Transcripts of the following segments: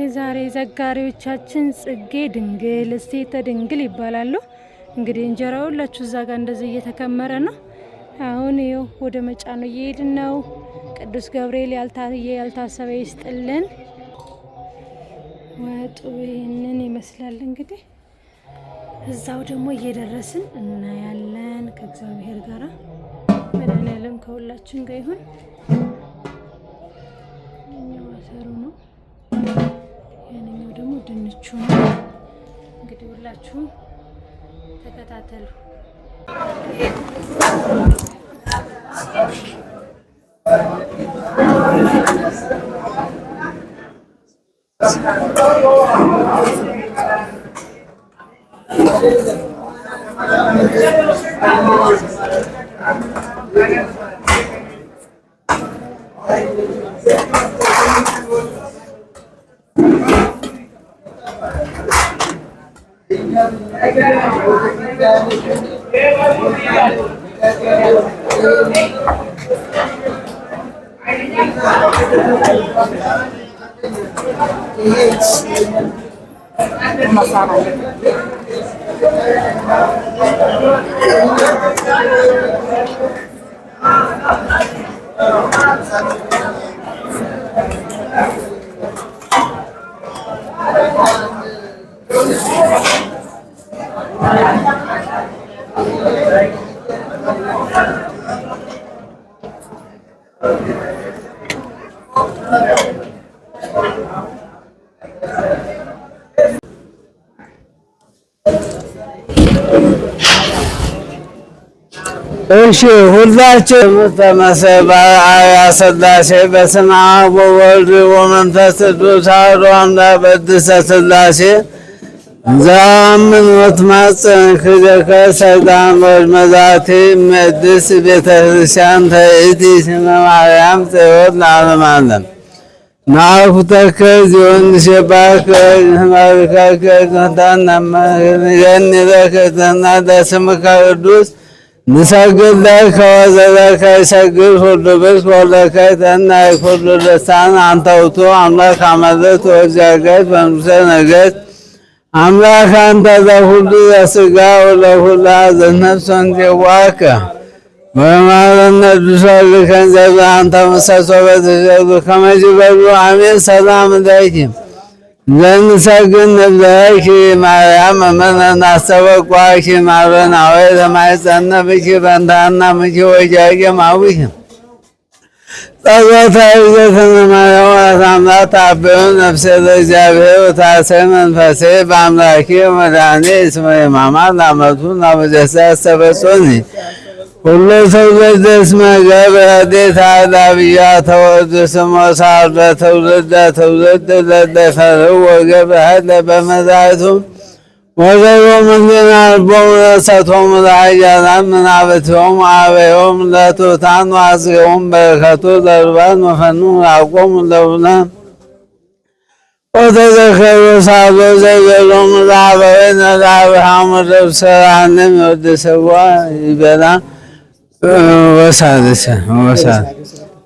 የዛሬ ዘጋሪዎቻችን ጽጌ ድንግል፣ እሴተ ድንግል ይባላሉ። እንግዲህ እንጀራ ሁላችሁ እዛ ጋር እንደዚህ እየተከመረ ነው። አሁን ይኸው ወደ ነው እየሄድን ነው። ቅዱስ ገብርኤል ያልታሰበ ይስጥልን። ወጡ ይህንን ይመስላል። እንግዲህ እዛው ደግሞ እየደረስን እናያለን። ከእግዚአብሔር ጋራ መድኃኔዓለም ከሁላችን ጋር ይሁን። ሰሩ ነው ድንቹን እንግዲህ ሁላችሁም ተከታተሉ። masala Thank you. እሺ ሁላችን ተመሰይ በአያ ሥላሴ በስመ አብ ወወልድ ወመንፈስ ቅዱስ አሐዱ አምላክ በድስተ ሥላሴ ዘአምኖት ማጽን ክደከ ሰላም ወድ መዛቴ መድስ ቤተ ክርስቲያን ተእቲ ስመ ማርያም ጽዮን ለዓለመ ዓለም ናአኩተከ ዚዮን ሴባከ ህማርከከ ክንታናማገን ለከተና ለስምከ ቅዱስ ንሰግድ ለከ ወዘለከ ይሰግድ ሁሉ ብእስ ወለከ ይትነይ ኩሉ ልሳን አንተ ውእቱ አምላክ አመልክት ወእግዚአብሔር በምስለ ነገሥት አምላክ አንተ ዘሁሉ ዘሥጋ ወለሁሉ ዘነፍስ እንዜዋከ ወማረነ ድሶልከ እንዘ አንተ ምሰሶ በትእዜቱ ከመጅበሉ አሜን ሰላም ለኪ ዘንሰግን እብለኪ ማርያም እምናስተበቋኪ ማበናዊ ለማይጸነብኪ በንታና ምሽ ወጃጀ ማዊሽ ጸሎታ ይዘትን ማርያም ወላዲተ አምላክ ታብዕ ነፍሴ ለእግዚአብሔር ወታሰይ መንፈሴ በአምላኪ መድኃኔ እስመ ይማማ ላመቱ ናበዘሳ ያስተበጽኒ ሁሉ ሰው ዘደስመ ገብረዴት አዳብያ ተወድ ስሞ ሳር ለትውልደ ትውልድ ለደፈርው ወገብረሃለ በመዛቱም ወዘሮ ምንግና ልቦም ረሰቶም ለአያላም ምናብትዮም አበዮም ለቱታን ዋዝገውም በረከቱ ለርባን መፈኑ አቆም ለብላን ወተዘከሩ ሳሎ ዘይበሎም ለአበወነ ለአብርሃም ረብሰራንም ወድሰዋ ይበላ ወሳልሰ ወሳል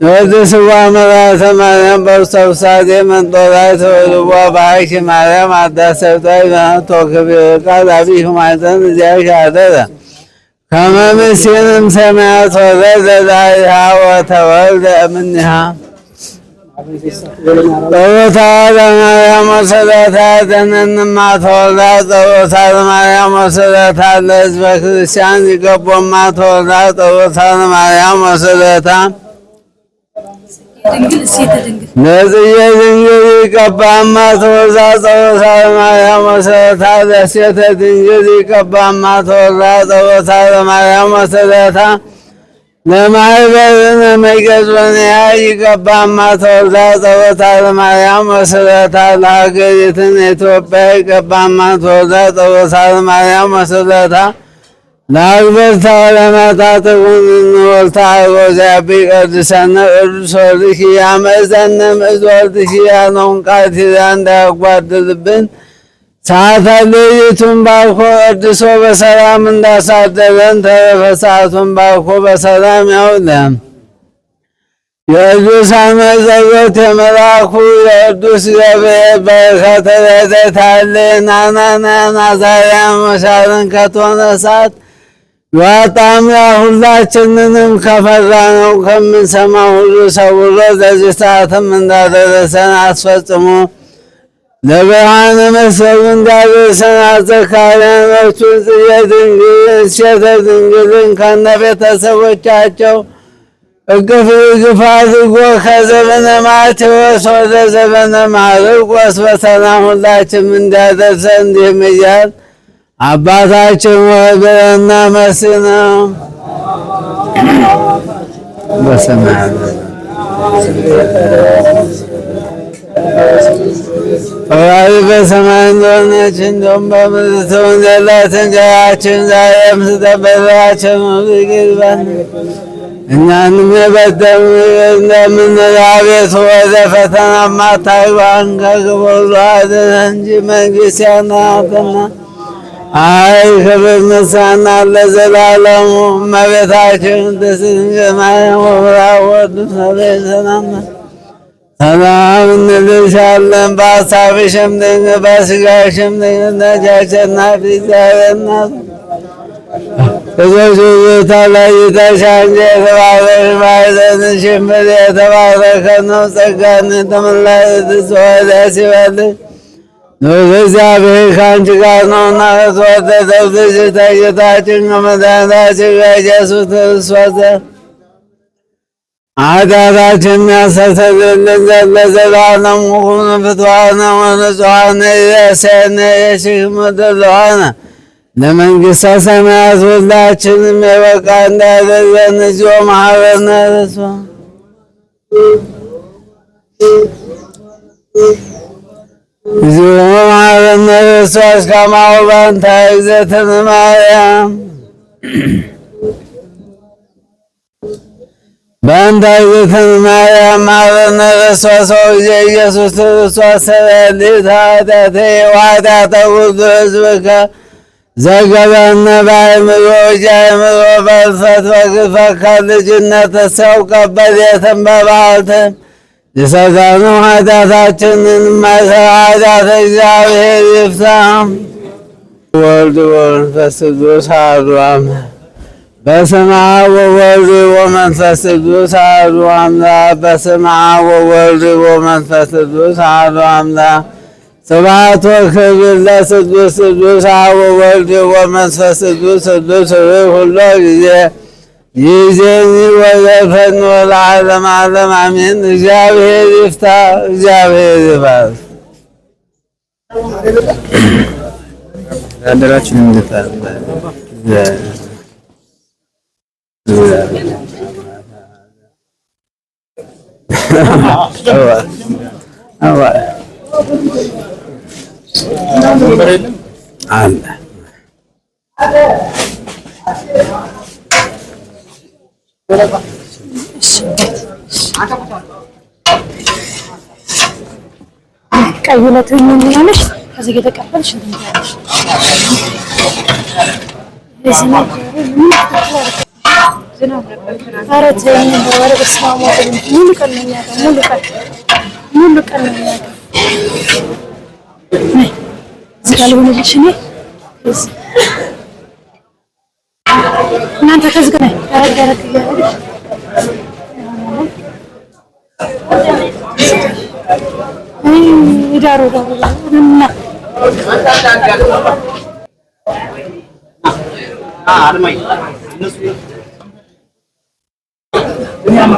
ወዘስዋ መባተ ማርያም በውስተ ውሳዴ መንጦላይ ተወልዋ በአኪ ማርያም አዳሰብታይ ዘአንቶ ክብርቃ ዛቢሁ ማኅፀን እዚአኪ አደረ ከመ ሰማያት ወረደ ላዕሌሃ ወተወልደ እምኔሃ ጸሎታ ለማርያም ወሰላታ ተነንማቶላ ጸሎታ ለማርያም ለሕዝበ ክርስቲያን ይገቦማ ቶላ ጸሎታ ለማርያም ወሰላታ ነጽዬ ድንግል ይቀባማ ቶላ ጸሎታ ለሴተ ድንግል ይቀባማ ቶላ ጸሎታ ለማርያም ለማህበርን መይገዙን ይገባማ ተወልዳ ጸወታ ለማርያም ወስለታ ለሀገሪትን ኢትዮጵያ ይገባማ ተወልዳ ጸወታ ለማርያም ወስለታ ለአግበርታ ለማታ ተጉን እንወልታ አጎዚያቢ ቀድሰነ ቅዱስ ወልድኪ ያመዘነ ምእዝ ወልድኪ ያነውን ቃል ኪዳን እንዳያጓድልብን ሳተልይቱን ባርኮ እድሶ በሰላም እንዳሳደረን ተረፈሳቱን ባርኮ በሰላም ያውለን። የቅዱሳን መጸሎት የመላኩ የቅዱስ ገብርኤል በረከተ ረድኤት አለን። አናንያን አዛርያን መሻርን ከቶነ እሳት ያጣምራ ሁላችንንም ከፈራነው ከምንሰማ ሁሉ ሰውሮ ለዚህ ሰዓትም እንዳደረሰን አስፈጽሞ ለብርሃነ መሰብን ጋብ ሰናዘካለን መብቱን ጽየድንግልን ሴተ ድንግልን ከነ ቤተሰቦቻቸው እቅፍ ግፍ አድርጎ ከዘመነ ማቴዎስ ወደ ዘመነ ማርቆስ በሰላም ሁላችም እንዲያደርሰ እንዲህም እያል አባታችን ወብረና መስ ነው በሰማ ፈቃሪ በሰማይ እንደሆነች እንደውም በምድር እንደላት እንጀራችን ዛሬ ስጠን በደላችንን ይቅር እኛንም የበደሉንን እንደምንል አቤቱ ወደ ፈተና አታግባን ከክፉ ሁሉ አድነን እንጂ መንግሥት ያንተ ናትና ክብር፣ ምስጋና ለዘላለሙ። እመቤታችን ቅድስት ድንግል ማርያም ወብራ ወቅዱስ ശാലം പാസാവിഷം തെങ്ങ് പാസുകാശം തെങ്ങുന്ന ചാശം ശിവ عدد الناس تدعانا وقونا فتوعانا ونسعانا إذا سعنا يشيكم تدعانا لمن قصصنا أسودا تشلم وكان دادا نجوى محاورنا رسوا نجوى محاورنا رسوا كما وبنتا عزتنا مريم በአንተ ዝክም ማርያም አበነ በሷሰው ጊዜ ኢየሱስ ክርስቶስ ሰበሊት ኃጢአቴ ወኃጢአተ ኩሉ ሕዝብከ ዘገበነ በአእምሮ ወኢአእምሮ በእልፈት በግድፈት ከልጅነት ሰው ቀበሌትን በባሕርትም ኃጢአታችንን ማሰብ እግዚአብሔር ይፍታ። ወልድ ወመንፈስ ቅዱስ አሐዱ አምላክ በስመ አብ ወወልድ ወመንፈስ ቅዱስ አሐዱ አምላክ። በስመ አብ ወወልድ ወመንፈስ ቅዱስ አሐዱ አምላክ። ስብሐት ወክብር ለቅዱስ ቅዱስ አብ ወወልድ ወመንፈስ ቅዱስ ቅዱስ ሁሉ ጊዜ ይዜኒ ወዘፈን ወለዓለም ዓለም አሜን። እግዚአብሔር ይፍታ፣ እግዚአብሔር ይባርክ። ያደራችን evet. Evet. Allah. ቀይ ለቱኝ የሚሆነች ከዚህ የተቀበልሽ እንትን ያለሽ ኧረ እናንተ ከዚህ ግን ያረግ ያረግ እያደረግሽ ዳሩ ዳሩ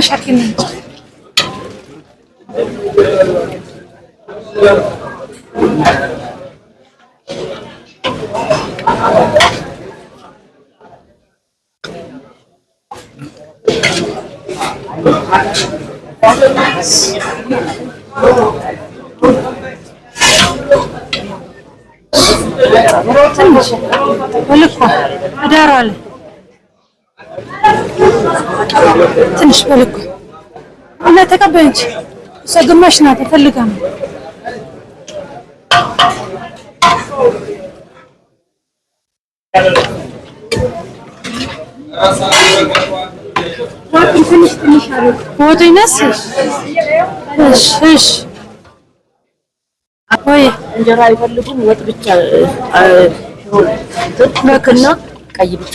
আমার সাথে নিয়ে እና ተቀበይ እንጂ እሷ ግማሽ ናት ፈልጋ ነው። ወጡ እንጀራ አይፈልጉም። ብቻ ቀይ ብቻ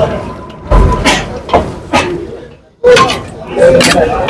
Thank you.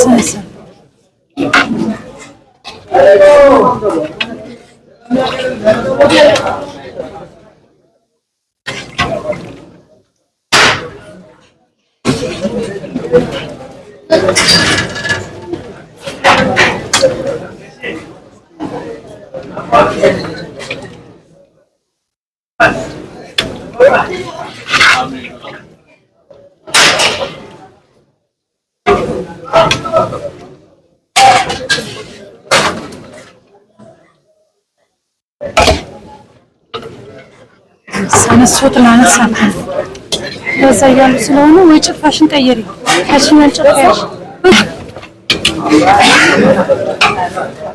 আচ্ছা আচ্ছা አነሱት ላነሳት በዛ እያሉ ስለሆነ ወይ ጭፋሽን ቀይሪ ካሽን ያልጨፋሽ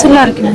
ስላርግ ነው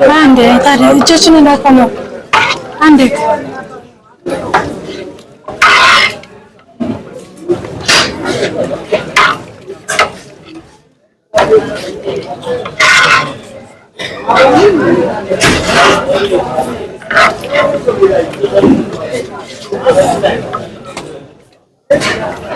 Ben de, tabii, çocuğun da konu.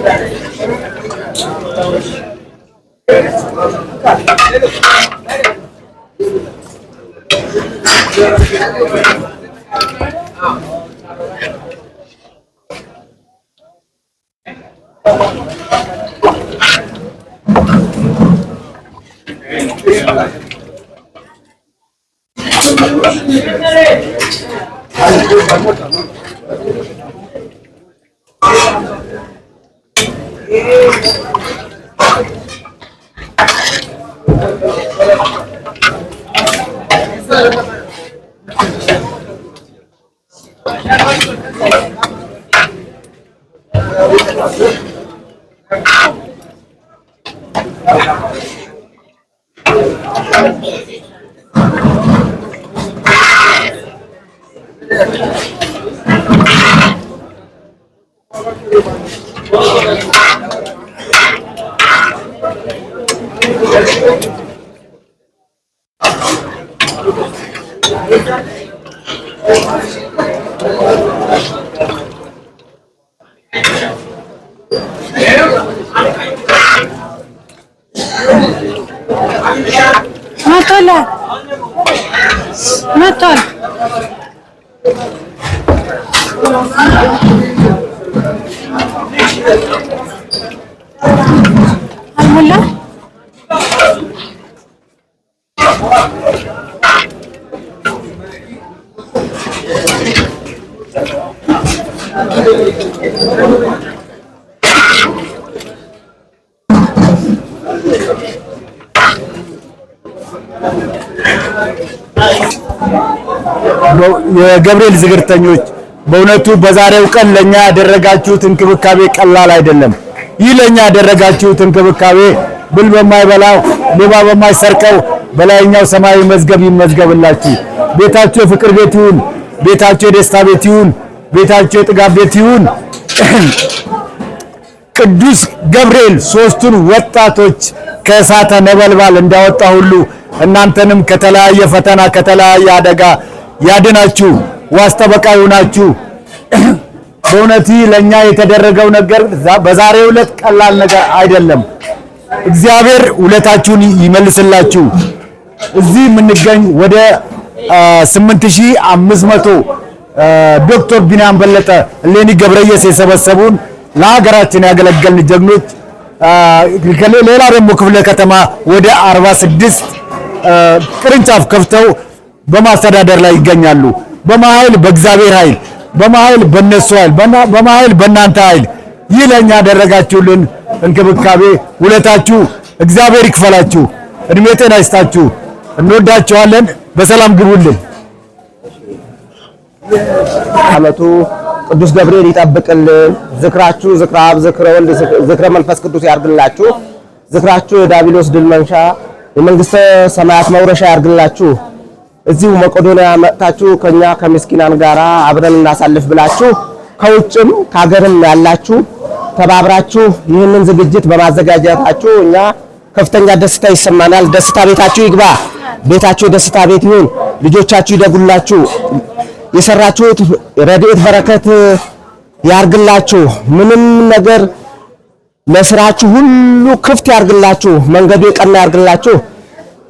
Thank tá. you. Thank you. የገብርኤል ዝግርተኞች በእውነቱ በዛሬው ቀን ለኛ ያደረጋችሁት እንክብካቤ ቀላል አይደለም። ይህ ለኛ ያደረጋችሁት እንክብካቤ ብል በማይበላው ሌባ በማይሰርቀው በላይኛው ሰማያዊ መዝገብ ይመዝገብላችሁ። ቤታችሁ የፍቅር ቤት ይሁን። ቤታችሁ የደስታ ቤት ይሁን። ቤታችሁ የጥጋብ ቤት ይሁን። ቅዱስ ገብርኤል ሶስቱን ወጣቶች ከእሳተ ነበልባል እንዳወጣ ሁሉ እናንተንም ከተለያየ ፈተና ከተለያየ አደጋ ያድናችሁ፣ ዋስ ጠበቃ ይሁናችሁ። በእውነት ለእኛ የተደረገው ነገር በዛሬው ዕለት ቀላል ነገር አይደለም። እግዚአብሔር ውለታችሁን ይመልስላችሁ። እዚህ የምንገኝ ወደ 8500 ዶክተር ቢንያም በለጠ፣ ሌኒ ገብረየስ የሰበሰቡን ለሀገራችን ያገለገልን ጀግኖች ሌላ ደግሞ ክፍለ ከተማ ወደ 46 ቅርንጫፍ ከፍተው በማስተዳደር ላይ ይገኛሉ። በማኃይል በእግዚአብሔር ኃይል፣ በማኃይል በነሱ ኃይል፣ በማኃይል በእናንተ ኃይል። ይህ ለእኛ ያደረጋችሁልን እንክብካቤ ውለታችሁ እግዚአብሔር ይክፈላችሁ፣ እድሜ ጤና ይስጣችሁ። እንወዳችኋለን። በሰላም ግቡልን። አመቱ ቅዱስ ገብርኤል ይጠብቅልን። ዝክራችሁ ዝክረ አብ፣ ዝክረ ወልድ፣ ዝክረ መንፈስ ቅዱስ ያርግላችሁ። ዝክራችሁ የዳቢሎስ ድል መንሻ የመንግስተ ሰማያት መውረሻ ያርግላችሁ። እዚሁ መቄዶንያ መጥታችሁ ከኛ ከምስኪናን ጋራ አብረን እናሳልፍ ብላችሁ ከውጭም ከሀገርም ያላችሁ ተባብራችሁ ይህንን ዝግጅት በማዘጋጀታችሁ እኛ ከፍተኛ ደስታ ይሰማናል። ደስታ ቤታችሁ ይግባ። ቤታችሁ ደስታ ቤት ይሁን። ልጆቻችሁ ይደጉላችሁ። የሰራችሁት ረድኤት በረከት ያርግላችሁ። ምንም ነገር ለስራችሁ ሁሉ ክፍት ያርግላችሁ። መንገዱ የቀና ያርግላችሁ።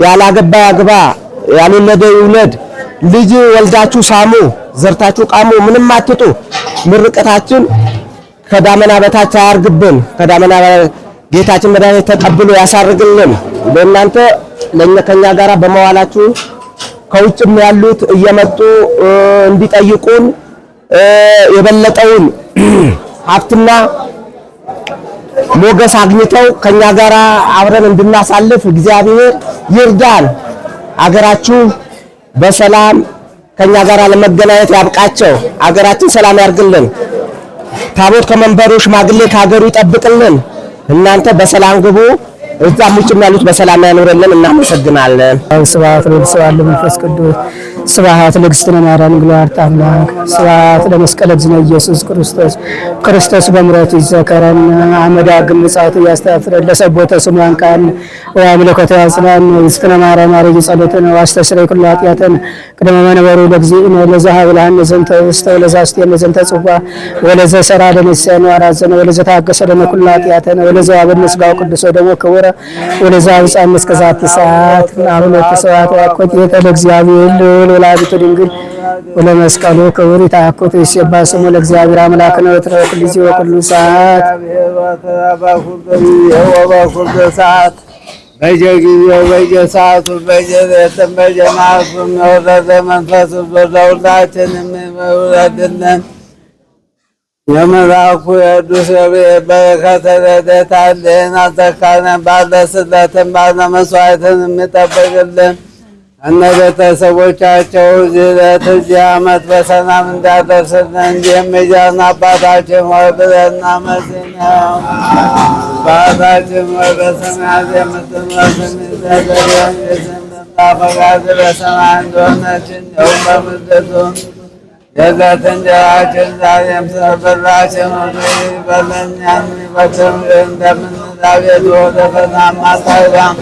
ያላገባ ያግባ፣ ያልወለደ ይውለድ። ልጅ ወልዳችሁ ሳሙ፣ ዘርታችሁ ቃሙ። ምንም አትጡ። ምርቀታችን ከዳመና በታች አያርግብን። ከዳመና ጌታችን መድኃኒት ተቀብሎ ያሳርግልን። ለእናንተ ለእኛ ከኛ ጋራ በመዋላችሁ ከውጭም ያሉት እየመጡ እንዲጠይቁን የበለጠውን ሀብትና ሞገስ አግኝተው ከኛ ጋር አብረን እንድናሳልፍ እግዚአብሔር ይርዳን። አገራችሁ በሰላም ከኛ ጋር ለመገናኘት ያብቃቸው። አገራችን ሰላም ያርግልን። ታቦት ከመንበሩ ሽማግሌ ከሀገሩ ይጠብቅልን። እናንተ በሰላም ግቡ። እዛም ውጭም ያሉት በሰላም ያኑርልን። እናመሰግናለን። ስብሐት ለእግዚአብሔር መንፈስ ቅዱስ ስብሐት ለእግዝእትነ ማርያም እንግሉዓርት አምላክ ስብሐት ለመስቀል እግዝእነ ኢየሱስ ክርስቶስ ክርስቶስ በምሕረቱ ይዘከረን አመዳ ግምጻቱ ያስተፍረ ለሰቦተ ስሟን ቃል ወአምልኮተ ያጽናን እግዝእትነ ማርያም አርጅ ጸሎትን ዋስተስረይ ኩሉ ኃጢአትን ቅድመ መንበሩ ለግዚእነ ለዘ ሀብልሃነ ውስተ ወለዘ አስቴነ ጽዋ ወለዘ ሰራ ለንስያን ዋራዘነ ለነ ኩሉ ኃጢአትን ወለዘ ሥጋው ቅዱስ ወደሙ ክቡረ ወለዘ እስከ ዛቲ ሰዓት አቡነ ተሰዋዕት ወአኮቴተ ለእግዚአብሔር ልዑል ወላዲቱ ድንግል ወለመስቀሉ ክቡር ይትሐኮቱ ይሴባ ስሙ ለእግዚአብሔር አምላክ ነው ወትረኩል ጊዜ ወኩሉ ሰዓት ወበኩሉ ሰዓት በየጊዜው በየሰዓቱ በየቤትም በየመዓቱም የወረደ መንፈሱን ይውረድልን። የመልአኩ የቅዱስ ገብርኤል ረድኤት አለን አልተካነን ባለ ስዕለትም ባለ መስዋዕትን የሚጠብቅልን እነ ቤተሰቦቻቸው ለትዚያ ዓመት በሰላም እንዳደርስን እንዲህም እያልን አባታችን ሆይ ብለን እናመሰግናለን። አባታችን ሆይ በሰማያት የምትኖር ስምህ ይቀደስ ፈቃድህ በሰማይ እንደሆነች እንዲሁም በምድር የዕለት እንጀራችንን ዛሬም ስበላችን በለን እኛንም እንደምንለው ወደ ፈተና አታግባን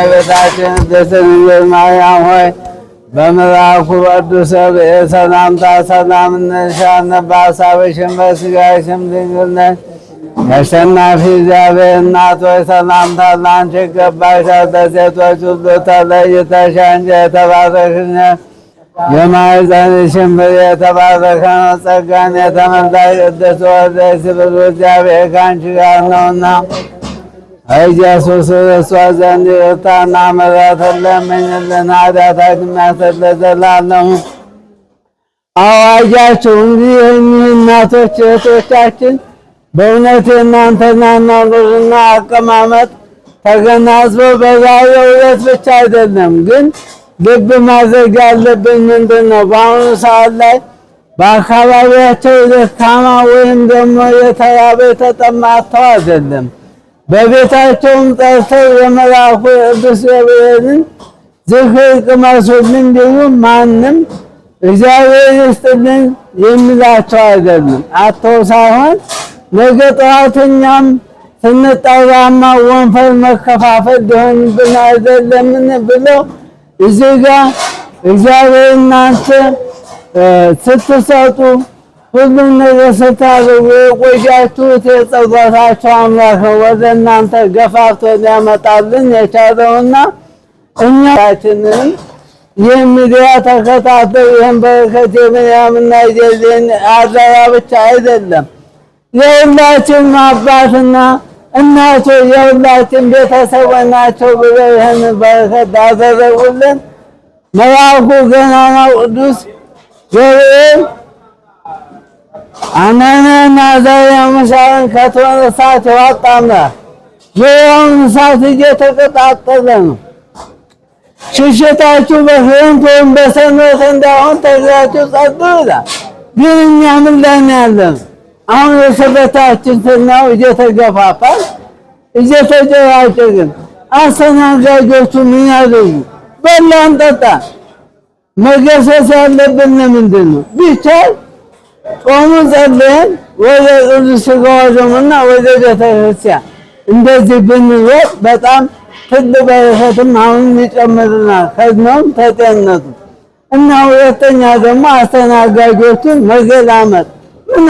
እመቤታችን ድንግል ማርያም ሆይ በመልአኩ ቅዱስ ገብርኤል ሰላምታ ሰላም እንልሻለን። በአሳብሽም ድንግል ነሽ። የአሸናፊ እግዚአብሔር እናት ሆይ ሰላምታ ይገባሻል። ሁሉ ተለይተሽ አንቺ የተባረክሽ ነሽ። የማዕፀን ሽንፍር የተባረከ ነው። ጸጋን የተመላ ቅዱስ ወርደስ ብዙ እግዚአብሔር ከአንቺ ጋር ነውና ኢየሱስ ክርስቶስ ዘንድ ይቅርታና ምሕረትን ለምኝልን ኃጢአታችንን የሚያስተሰርይ ዘላለሙ። አዋጃችሁ እንዲህ እኚህ እናቶች እህቶቻችን በእውነት የእናንተና ናኖርና አቀማመጥ ተገናዝበው በዛሬው ዕለት ብቻ አይደለም ግን ልብ ማድረግ ያለብን ምንድን ነው? በአሁኑ ሰዓት ላይ በአካባቢያቸው ደካማ ወይም ደግሞ የተራበ የተጠማ አጥተው አይደለም። በቤታቸውም ጠርተው የመልአኩ ቅዱስ ገብርኤልን ዝክር ቅመሱልን ቢሉ ማንም እግዚአብሔር ይስጥልን የሚላቸው አይደለም። አጥተው ሳይሆን ነገ ጠዋት እኛም ስንጠራማ ወንፈል መከፋፈል ሊሆንብን አይደለምን ብለው እዚህ ጋር እግዚአብሔር እናንተ ስትሰጡ ሁሉም ነገር ስታደርጉ የቆያችሁት የጸሎታችሁ አምላክ ወደ እናንተ ገፋፍቶ ሊያመጣልን የቻለውና እኛችንን ይህ ሚዲያ ተከታተል። ይህን በረከት የምንያምና የዜን አደራ ብቻ አይደለም የሁላችንም አባትና እናቸው የሁላችን ቤተሰብ ናቸው ብለው ይህን በረከት ዳዘረጉልን መልአኩ ገናናው ቅዱስ ገብርኤል አናንያና አዛርያ ሚሳኤልን ከእቶነ እሳት ያወጣና ዙሪያውን እሳት እየተቀጣጠለ ነው። ሽሽታችሁ በክረምት ወይም በሰንበት እንዳይሆን ተግዛችሁ ጸዱ ይላል። ግን እኛ ምን ላይ ነው ያለነው? አሁን የሰበታችን ትናው እየተገፋፋል እየተጨራጨቅን፣ አስተናጋጆቹ ምን ያደርጉ? በላን ጠጣ። መገሰስ ያለብን ለምንድን ነው? ቢቻል ጾሙን ጸልየን ወደ ቅዱስ ሥጋው ደሙና ወደ ቤተክርስቲያን እንደዚህ ብንሮጥ በጣም ትልቅ በረከትም አሁን ይጨምርናል። ከዝነውም ተጤነቱ እና ሁለተኛ ደግሞ አስተናጋጆቹን መገላመጥ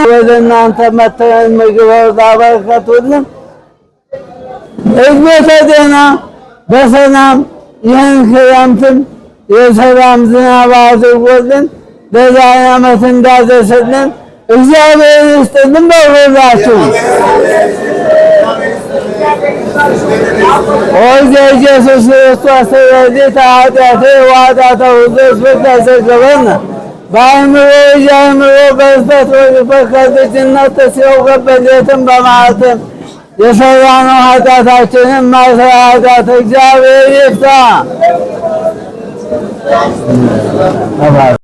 ወደእናንተ መተን ምግብ አበረከቱልን። እዝቤተ ጤና በሰላም ይህን ክረምትም የሰላም ዝናብ አድርጎልን ለዛሬ ዓመት እንዳደረሰልን እግዚአብሔር ይስጥልን። በሁላችሁ ወልደ ኢየሱስ ክርስቶስ ረድኤተ ኃጢአት ዋጣ ተውዘዝ በተዘገበና በአእምሮ የአእምሮ በስተት ወግፈት ከዝችነት ሲውቅበት የትም በማለትም የሰራነው ኃጢአታችንን ማስራኃጢአት እግዚአብሔር ይፍታ።